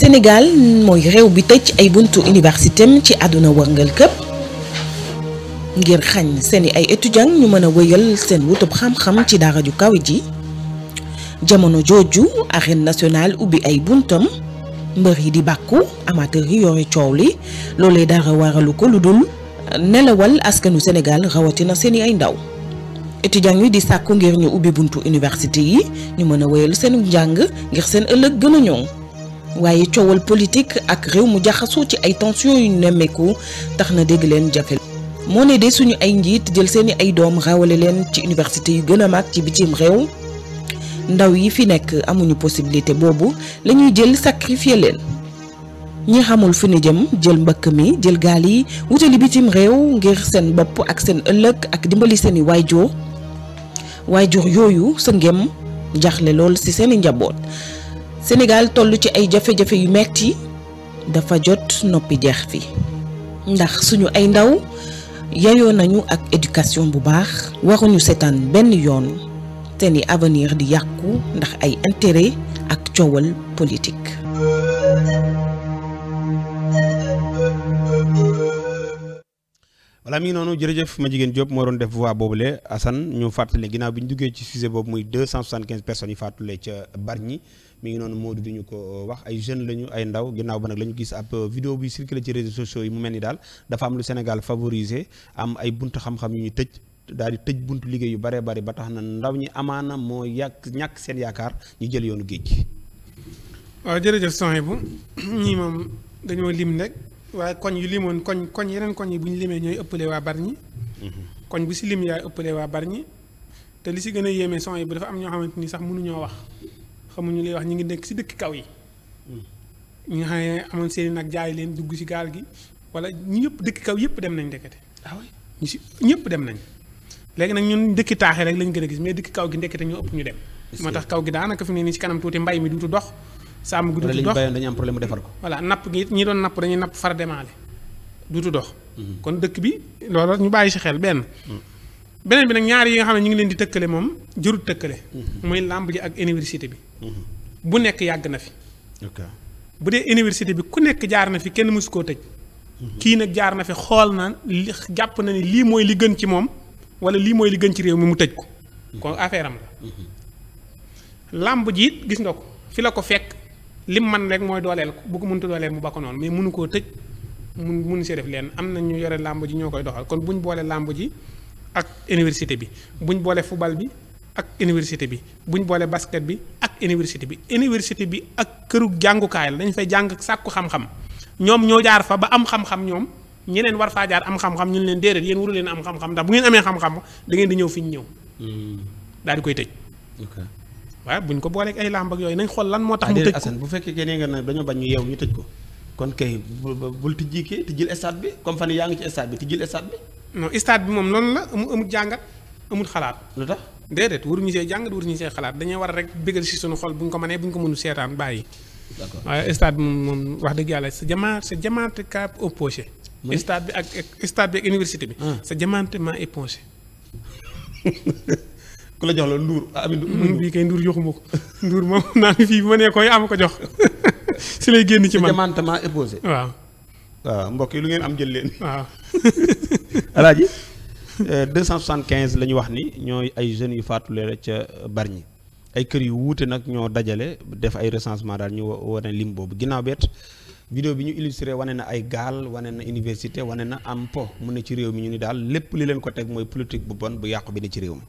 Sénégal mooy réew bi tëj ay buntu université ci àdduna wërngal këpp ngir xañ seeni ay étudiants ñu mën a wéyal seen wutub xam-xam ci daara ju kaw ji jamono jooju arène nationale ubbi ay buntam mbër yi di bàkku amateur yi yore coow li loolee dara waralu ko lu dul nelawal askanu Sénégal rawatina seeni ay ndaw étudiants yi di sàkku ngir ñu ubbi buntu université yi ñu mën a wéyal seen njàng ngir seen ëllëg gën a ñoŋ waaye coowal politique ak réew mu jaxasoo ci ay tension yu nemmeeku tax na dégg leen jafe moo ne de suñu ay njiit jël seeni ay doom rawale leen ci université yu gën a mag ci bitim réew ndaw yi fi nekk amuñu possibilité boobu lañuy jël sacrifier leen ñi xamul fi ñu jëm jël mbëkk mi jël gaal yi wutali bitim réew ngir seen bopp ak seen ëllëg ak dimbali seeni waajur waajur yooyu sa ngem jaxle lool ci seeni njaboot Sénégal toll ci ay jafe-jafe yu metti dafa jot noppi jeex fi ndax suñu ay ndaw yayoo nañu ak éducation bu baax waruñu seetaan benn yoon seeni avenir di yàqu ndax ay intérêt ak coowal politique. voilà mi ngi noonu jërëjëf ma jigéen Diop moo doon def voix boobule Assane ñu fàttali ginnaaw bi ñu duggee ci sujet boobu muy 275 personnes yi fàttule ca Bargny. mi ngi noonu moo di ñu ko euh, wax ay jeunes lañu ay ndaw ginnaaw ba nag lañu gis ab euh, vidéo bi circulé ci réseaux sociaux yi mu mel ni daal dafa am lu Sénégal favoriser am ay buntu xam-xam yu ñu tëj daal di tëj buntu liggéey yu baree bari ba tax na ndaw ñi amaana moo yàq ñàkk seen yaakaar ñu jël yoonu géej gi. waaw jërëjëf soxna bu ñii moom dañoo lim nekk waaye koñ yu limoon koñ koñ yeneen koñ yi bu ñu limee ñooy ëppale waa bari Bargny. Mhm. koñ bu si lim yaay ëppale waa Bargny te li si gën a yéeme soxna bu dafa am ñoo xamante ni sax mënuñoo wax xamuñu lay wax ñu ngi nekk ci dëkk kaw yi ñu nga xam ne amoon seen i nag jaay leen dugg si gaal gi wala ñu ñëpp dëkk kaw yëpp dem nañ ndekete ah ñu si ñëpp dem nañ léegi nag ñun dëkki taaxee rek lañ gën a gis mais dëkk kaw gi ndekete ñoo ëpp ñu dem moo tax kaw gi daanaka fi ne nii si kanam tuuti mbay mi duutu dox sàmm gi duutu dox dañu am problème defar ko voilà napp gi ñi doon napp dañuy napp fara demaale duutu dox mhm. kon dëkk bi loolu ñu bàyyi si xel benn mhm. beneen bi nag ñaar yi nga xam ne ñu ngi leen di tëkkale moom jërut tëkkale. Mhm. mooy làmb ji ak université bi. Mhm. bu nekk yàgg na fi. bu dee université bi ku nekk jaar na fi kenn mësu koo tëj. Mhm. kii nag jaar na fi xool na li jàpp na ni lii mooy li gën ci moom wala lii mooy li gën ci réew mi mu tëj ko. kon affaire am la. làmb ji it gis nga ko fi la ko fekk lim man rek mooy dooleel ko bu ko mënut dooleel mu ba noonu mais mënu koo tëj mun mënu see def leen am na ñu yore làmb ji ñoo koy doxal kon buñ boole làmb ji. ak université bi buñ boole football bi ak université bi buñ boole basket bi ak université bi université bi ak këru jàngukaay la dañ fay jàng sàkku xam-xam ñoom ñoo jaar fa ba am xam-xam ñoom ñeeneen war faa am xam-xam ñu leen déedéet yéen waru leen am xam-xam ndax bu ngeen amee xam-xam da ngeen di ñëw fi ñu ñëw. Hmm. daal di koy tëj. waaye buñ ko booleeg ay làmb ak yooyu nañ xool lan moo tax. mu ah, tëj ko Assane bu fekkee keneen nga ne dañoo bañ ñu yeew ñu tëj ko kon kay bul tijji kii tijjil yaa ngi ci stade bi tijjil stade non stade bi moom noonu la amu amul jàngat amul xalaat. lu tax déedéet waruñu see jàngat waruñu see xalaat dañuy war a rek bégal si suñu xol bu ñu ko manee bu ñu ko mënu seetaan bàyyi. d'accord waaye stade moom moom wax dëgg yàlla sa jamaa sa jamaante ka opposé. stade bi ak stade bi ak sa jamaante ma époncé. la jox la nduur ami nduur joxuma ko nduur moom naa fii bu ma nee koy am ko jox si lay génn ci ma époncé. waaw. waaw ah, mbokk yi lu ngeen am jël leen. waaw. alaaji euh, 275 la ñu wax ni ñooy ay jeunes yu faatule ca Bargny ay kër yu wuute nag ñoo dajale def ay recensement daal ñu wane lim boobu ginnaaw beet vidéo bi ñu illustré wane na ay gaal wane na université wane na am po mu ne ci réew mi ñu ni daal lépp li leen ko teg mooy politique bu bon bu yàqu bi ne ci réew mi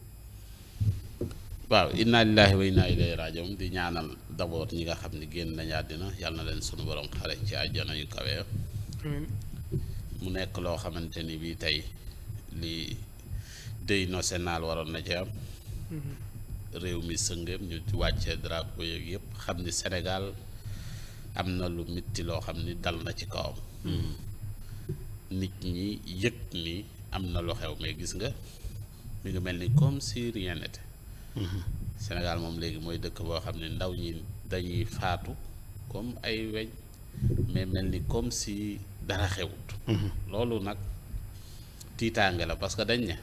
waaw inna lillahi wa inna ilayhi rajiun di ñaanal d'abord ñi nga xam ni génn nañu àddina yàlla na leen sunu borom xare ci àjjana yu kawe mu nekk loo xamante ni bii tey lii deuil national waroon na ci am. Mm-hmm. réew mi sëngëm ñu wàccee drapeau yeeg yëpp xam ni senegal am na lu mitti loo xam ni dal na ci kawam. Mm-hmm. nit ñi yëg ni am na lu xew mais gis nga mi ngi mel ni comme si rien n'était. Mm-hmm. moom léegi mooy dëkk boo xam ne ndaw ñi dañuy faatu comme ay weñ mais mel ni comme si. dara xewut mhm. loolu nag tiitaange la parce que dañ ne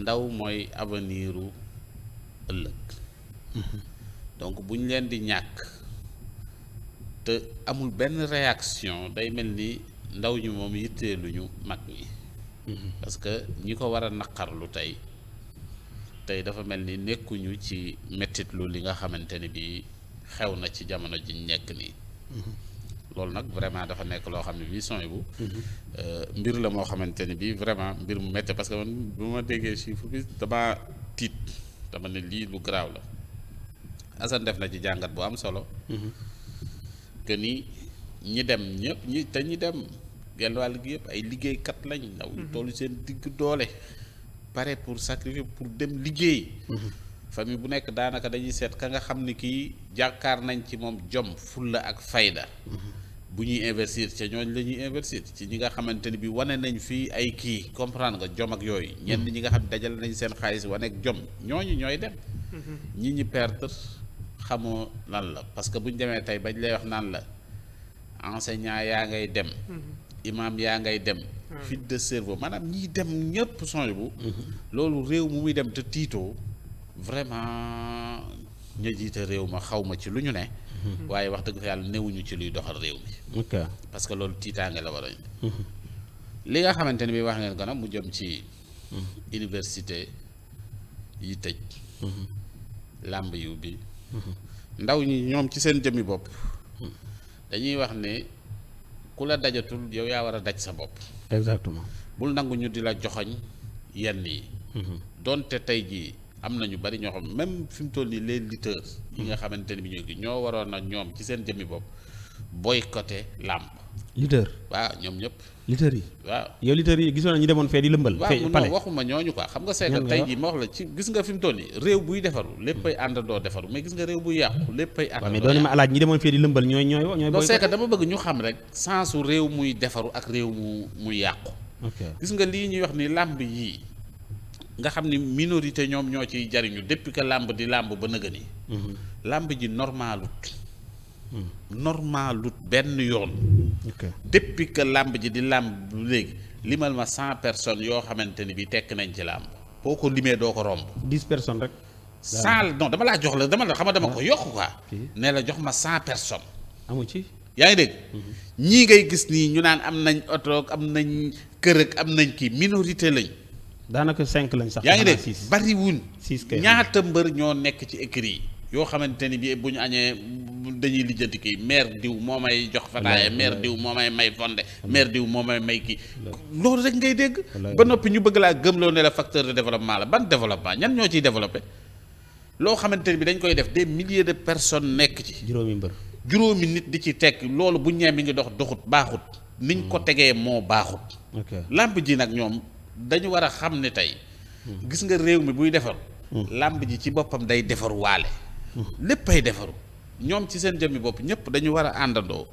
ndaw mooy avenir u ëllëg mhm. donc bu ñu leen di ñàkk te amul benn réaction day mel ni ndaw ñi moom yitteeluñu mag ñi mhm. parce que ñi ko war a naqarlu tey tey dafa mel ni nekkuñu ci mettitlu li nga xamante ni bi xew na ci jamono ji ñu nekk nii loolu nag vraiment dafa nekk loo xam ne bii son bu mhm. euh, mbir la moo xamante ne bii vraiment mbir mu mette parce que man bu ma déggee chiffre bi dama tiit dama ne lii lu garaaw la Assane def na ci jàngat bu am solo mhm. que ni ñi dem ñëpp ñi te ñi dem genn wàll gi yëpp ay liggéeykat lañ ndaw mhm. tollu seen digg doole pare pour sacrifier pour dem liggéey famille bu nekk daanaka dañuy seet ka nga xam ni kii jàkkaar nañ ci moom jom fulla ak fayda mm-hmm. bu ñuy investir ca ñooñ lañuy ñuy ci ñi nga xamante ni bi wane nañ fii ay kii comprendre nga jom ak yooyu mm-hmm. ñenn ñi nga xam dajale nañ seen xaalis wane ak jom ñooñu ñooy dem mm-hmm. ñi ñi perdre xamoo lan la parce que bu demee tey bañ lay wax naan la enseignant yaa ngay dem imam yaa ngay dem fuite de cerveau maanaam ñiy dem ñëpp songe bu loolu réew mu muy dem te tiitoo vraiment ña jiite réew ma xaw ma ci lu ñu ne. Mhm. waaye wax dëgg fa yàlla newuñu ci luy doxal réew mi. ok parce que loolu tiitaange la war mhm. li nga xamante ne bi wax ngeen ko nag mu jëm ci. Mhm. université yi tëj. làmb yu bi ndaw ñi ñoom ci seen jëmmi bopp. dañuy wax ne ku la dajatul yow yaa war a daj sa bopp. bul nangu ñu di la joxoñ yenn yi. donte tey jii. am na ñu bari ñoo xam même fi mu toll nii les lutteurs. yi nga xamante ne bi ñoo ngi ñoo waroon na ñoom ci seen jëmmi bopp boycotté làmb. lutteur waaw ñoom ñëpp. lutteurs yi. waaw yow lutteurs yi gisoon ñu demoon fee di lëmbal. fee pale waaw waxuma ñooñu quoi xam nga. seega tey gis nga fi mu toll nii réew buy defaru léppay àndandoo defaru mais gis nga réew bu yàqu léppay. àndandoo mais doon ma alaaj ñi demoon fee di lëmbal ñooy ñooy. ñooy booy seega dama bëgg ñu xam rek sensu réew muy defaru ak réew mu mu yàqu. gis nga lii ñuy wax ni làmb yii nga xam ni minorité ñoom ñoo ciy jariñu depuis que làmb di làmb ba nëgëni mhm. làmb ji normalut mhm. normalut benn yoon depuis que làmb ji di làmb léegi limal ma cent personnes yoo xamante ni bi tekk nañ ci làmb boo ko limee doo ko romb dix personnes rek cent non dama laa jox la dama la xam dama ko ah. yokk waa ne la jox ma cent personnes amu ci yaa ngi dégg mhm. ñii ngay gis nii ñu naan am nañ oto am nañ kër ak am nañ kii minorité lañ daanaka cinq lañ sax. yaa ngi dégg bariwul. six kay ñaata mbër ñoo nekk ci écrit yi. yoo xamante ni bii bu ñu añee dañuy lijjanti kii maire diw moo may jox fataaya maire diw moo may may fonde maire diw moo may may kii loolu rek ngay dégg ba noppi ñu bëgg laa gëm ne la facteur de développement la ban développement ñan ñoo ciy développé loo xamante ni bi dañ koy def des milliers de personnes nekk ci juróomi mbër juróomi nit di ci tekk loolu bu ñee mi ngi dox doxut baaxut niñ ko hmm. tegee moo baaxut làmp ji nag ñoom dañu war a xam ne tey. gis nga réew mi buy defaru hmm. làmb ji ci boppam day defaruwaale waale. Hmm. léppay defaru ñoom ci seen jëmmi bopp ñëpp dañu war a àndandoo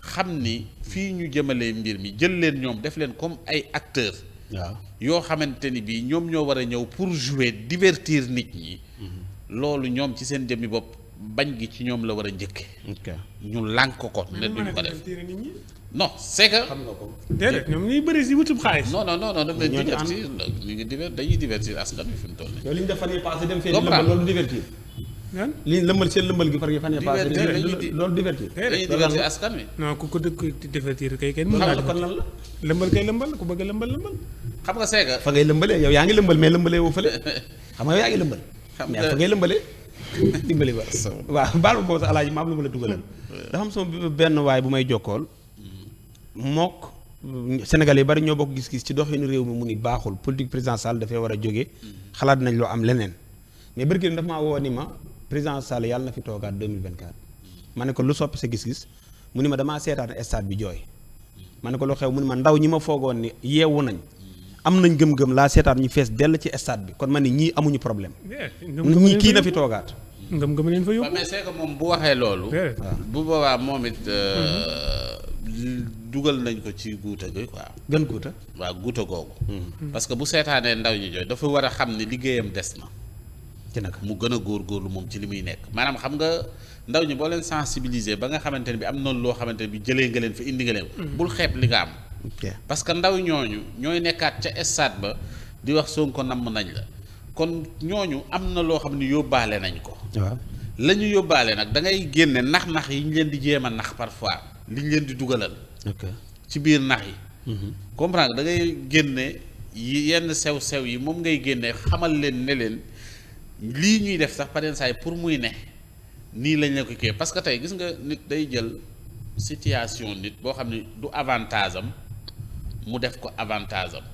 xam ni fii ñu jëmalee mbir mi jël leen ñoom def leen comme ay acteurs. waaw yoo xamante ni bii ñoom ñoo war a ñëw pour jouer divertir nit ñi. Hmm. loolu ñoom ci seen jëmmi bopp bañ gi ci ñoom la war a njëkke ñu lànk ko ne duñu ko def non c'est que. xam nga ko déedéet ñoom ñuy bëri si wutub xaalis. non non non non daf lay divertir ñu ngi diver dañuy divertir askan wi fi mu toll nii. yow li ñu def fan yii passé dem fee lëmbal loolu divertir. li lëmbal seen lëmbal gi fan yii fan yii passé loolu divertir. dañuy divertir askan wi. non ku ko dëkk divertir kay kenn mën naa kon lan la. lëmbal kay lëmbal ku bëgg a lëmbal lëmbal. xam nga c'est que. fa ngay lëmbalee yow yaa ngi lëmbal mais lëmbalee woo fële xam nga yow yaa ngi lëmbal. xam nga mais fa ngay lëmbalee dimbali ba waaw baal ma boobu sax alaaji maam lu ma la dugalal dafa am sama benn waay bu may jokkool mook Sénégal yi bari ñoo bokk gis-gis ci doxinu réew mi mu ni baaxul politique président Sall dafay war a jógee xalaat nañ loo am leneen mais barki dafa maa woo ni ma président Sall yàlla na fi toogaat 2024 ma ne ko lu soppi sa gis-gis mu ni ma damaa seetaan stade bi jooy ma ne ko lu xew mu ni ma ndaw ñi ma foogoon ni yeewu nañ am nañ gëm-gëm laa seetaan ñu fees dell ci stade bi kon ma ne ñii amuñu problème ñii kii na fi toogaat ngëm-ngëm leen fa yóbbu mais moom bu waxee loolu bu boobaa moom it euh, mm-hmm. dugal nañ ko ci guuta gi quoi. gën guuta. waaw guuta googu. parce que bu seetaanee ndaw ñi jooy dafa war a xam ne liggéeyam des na. ci nag mu gën a góor góorlu moom ci li muy nekk maanaam xam nga ndaw ñi boo leen sensibiliser ba nga xamante ne bi am noonu loo xamante ne bi jëlee nga leen fi indi nga leen. Mm. bul xeeb li nga am. parce que ndaw ñooñu ñooy nekkaat ca stade ba di wax Sonko namm nañ la kon ñooñu am na loo xam ne yóbbaale nañ ko. lañu la yóbbaale nag da ngay génne nax-nax leen di jéem a nax parfois. liñ leen di dugalal. ci biir nax yi. Mhm. comprendre da ngay génne yenn sew sew yi moom ngay génne xamal leen ne leen lii ñuy def sax par exemple pour muy ne nii lañ la ko kii parce que tey gis nga nit day jël situation nit boo xam ne du avantage am mu def ko avantage am.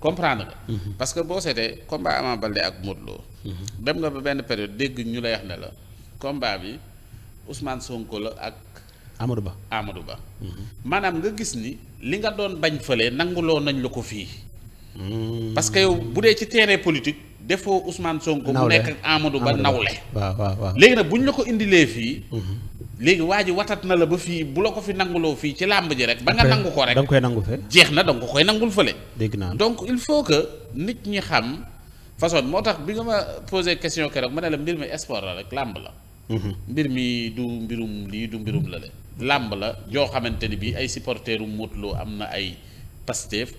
comprendre nga. Mm parce que boo seetee combat Ama ak Modou mhm. dem nga ba benn période dégg ñu la yax ne la combat ak Amadou Ba Amadou Ba. Mhm. maanaam nga gis ni li nga doon bañ fële nanguloo nañ la ko fii. Mm. parce que yow bu dee ci terrain politique defoo Ousmane Sonko. mu nekk ak Amadou Ba nawle. waaw waaw waaw léegi nag bu ñu la ko indilee fii. Mhm. léegi waa ji watat na la ba fii bu la ko fi nanguloo fii ci làmb ji rek. ba nga nangu ko rek da nga koy nangu fee. jeex na da nga koy nangul fële. dégg naa donc il faut que nit ñi xam façon moo tax bi nga ma posé question keroog ma ne la mbir mi sport la rek làmb la. Mhm. mbir mi du mbirum lii du mbirum làmb la joo xamante ni bii ay supporteru Modou Lo am na ay Pastef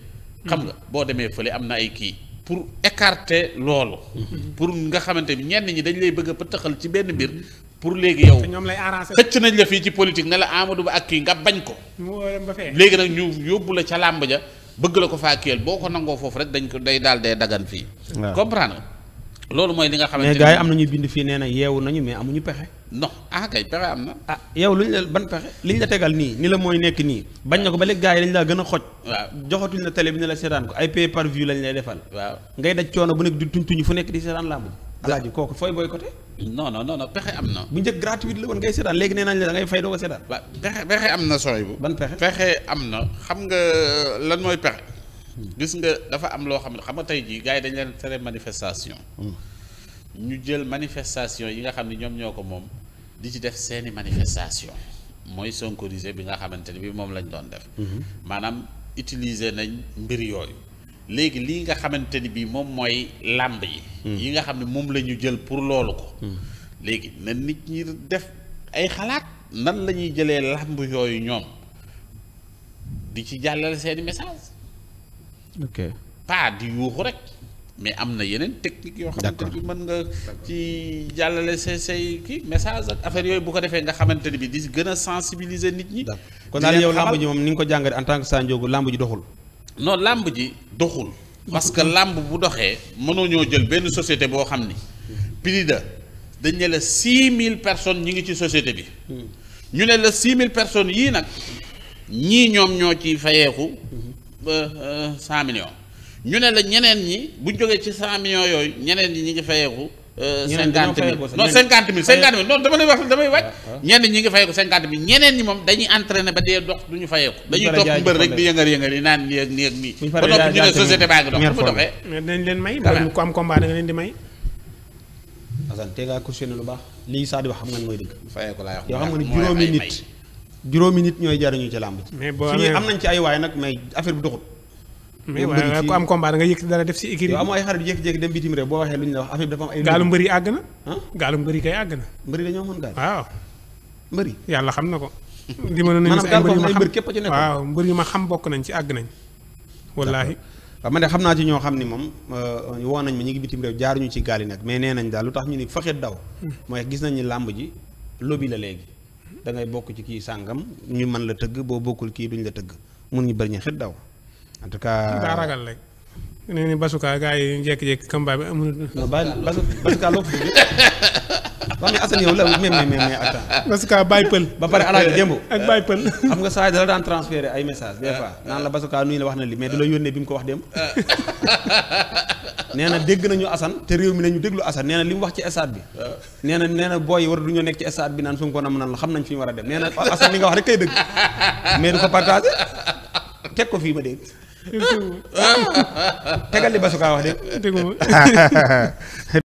xam nga boo demee fële am na ay kii pour écarter loolu mhm. pour nga xamante ni ñenn ñi dañ lay bëgg a pëtëxal ci benn mbir mhm. pour léegi yow xëcc nañ la fii ci politique ne la Amadou Ba ak kii nga bañ ko léegi nag ñu yóbbu la ca làmb ja bëgg la ko faa kiyal boo ko nangoo foofu rek dañ ko day daal dee dagan fii comprendre loolu mooy li nga xamante ni mais yi am na ñu bind fii nee na yeewu nañu mais amuñu pexe non ah kay pexe am na. ah yow lu ñu la ban pexe li ñu la tegal nii ni la mooy nekk nii. bañ na ko ba léegi gars yi dañ laa gën a xoj. waaw joxatuñ la télé la seetaan ko ay pay par view lañ lay defal. ngay daj coono bu nekk di tuñ fu nekk di seetaan làmb. alaaji kooku fooy boycotté. non non non pexe am na. bu njëkk gratuite la woon ngay léegi nee nañ la da ngay fay doo ko seetaan. waaw pexe pexe am na sooy pexe pexe am na. xam nga lan mooy pexe. Hmm. gis nga dafa am loo xam ne xam nga tey jii gars yi dañ leen tere manifestation. Hmm. ñu jël manifestation yi nga xam ne ñoom ñoo ko moom di ci def seeni manifestation mooy sonkorisé bi nga xamante ne bi moom lañ doon def mhm. maanaam utiliser nañ mbir yooyu léegi lii nga xamante ni bii moom mooy làmb yi mhm. yi nga xam ne moom lañu jël pour loolu ko mhm. léegi na nit ñi def ay xalaat nan lañuy ñuy jëlee làmb yooyu ñoom di ci jàllale seeni message ok di yuuxu rek mais am na yeneen technique yoo xamante bi mën nga ci jàllale say say kii message ak yooyu bu ko defee nga xamante ne bi di gën a sensibiliser nit ñi kon daal yow làmb ji moom ni nga ko jàngate en tant que Sa Ndiogou làmb ji doxul non làmb ji doxul parce que làmb bu doxee mënoo ñoo jël benn société boo xam ni plus dañ ne la six mille personnes ñi ngi ci société bi ñu ne la six mille personnes yii nag ñii ñoom ñoo ci fayeeku euh, cent million ñu ne la ñeneen ñi bu jógee ci cent millions yooyu ñeneen ñi ñi ngi fayeeku euh, cinquante mille non cinquante mille cinquante mille non dama lay wax damay wàcc ah, ah. ñenn ñi ngi fayeeku cinquante mille ñeneen ñi moom dañuy entraîné ba dee dox du ñu fayeeku dañuy topp mbër rek di yëngal yëngal yi naan nii ak nii ak nii ba noppi ñu ne société baa ngi dox bu doxee dinañ leen may mbër ko am combat da nga leen di may Assane te ngaa lu baax lii saa di wax xam nga mooy dëgg fayeeku laa wax yoo xam nga ne juróomi nit juróomi nit ñooy jariñu ci làmb ci am nañ ci ay waaye nag mais affaire bi mais waaye ku am combat da def si écurie am ay xarit jékki-jékki dem bitim réew boo waxee lu ñu la wax affaire bi dafa am ay gaalu na gaalu mbëri kay yàlla xam na ko li ma nañu ay képp ci nekk mbër yu ma xam bokk nañ ci àgg nañ wallaahi waaw man ne xam naa ci ñoo xam ni moom euh, woo nañ ma ñu ngi bitim réew jaaruñu ci gaal yi nag mais nee nañ daal lu tax ñu ni faxet daw hmm. mooy gis nañ ni làmb ji lobby la léegi hmm. dangay bokk ci kii sàngam ñu mën la tëgg boo bokkul kii ñu la tëgg mun ñu bëri ñu xet daw en tout ragal rek. nee ni basuka gars yi jékki-jékki kambaay bi amul. non basuka loo fi wax ni Assane la basuka bàyyi pël. ba pare alaaji démb. ak bàyyi pël. xam ay message des fois naan la wax na li mais du mu ko wax démb. nee na dégg nañu Assane te réew mi nañu déglu Assane nee li mu wax ci stade bi. nee na nee na booy war du ñoo nekk ci stade bi naan Sonko nam nan la xam nañ fi ñu war a dem nee na Assane li nga wax rek kay dëgg mais du ko partagé teg ko fii ma dégg. tegal li basuka wax de.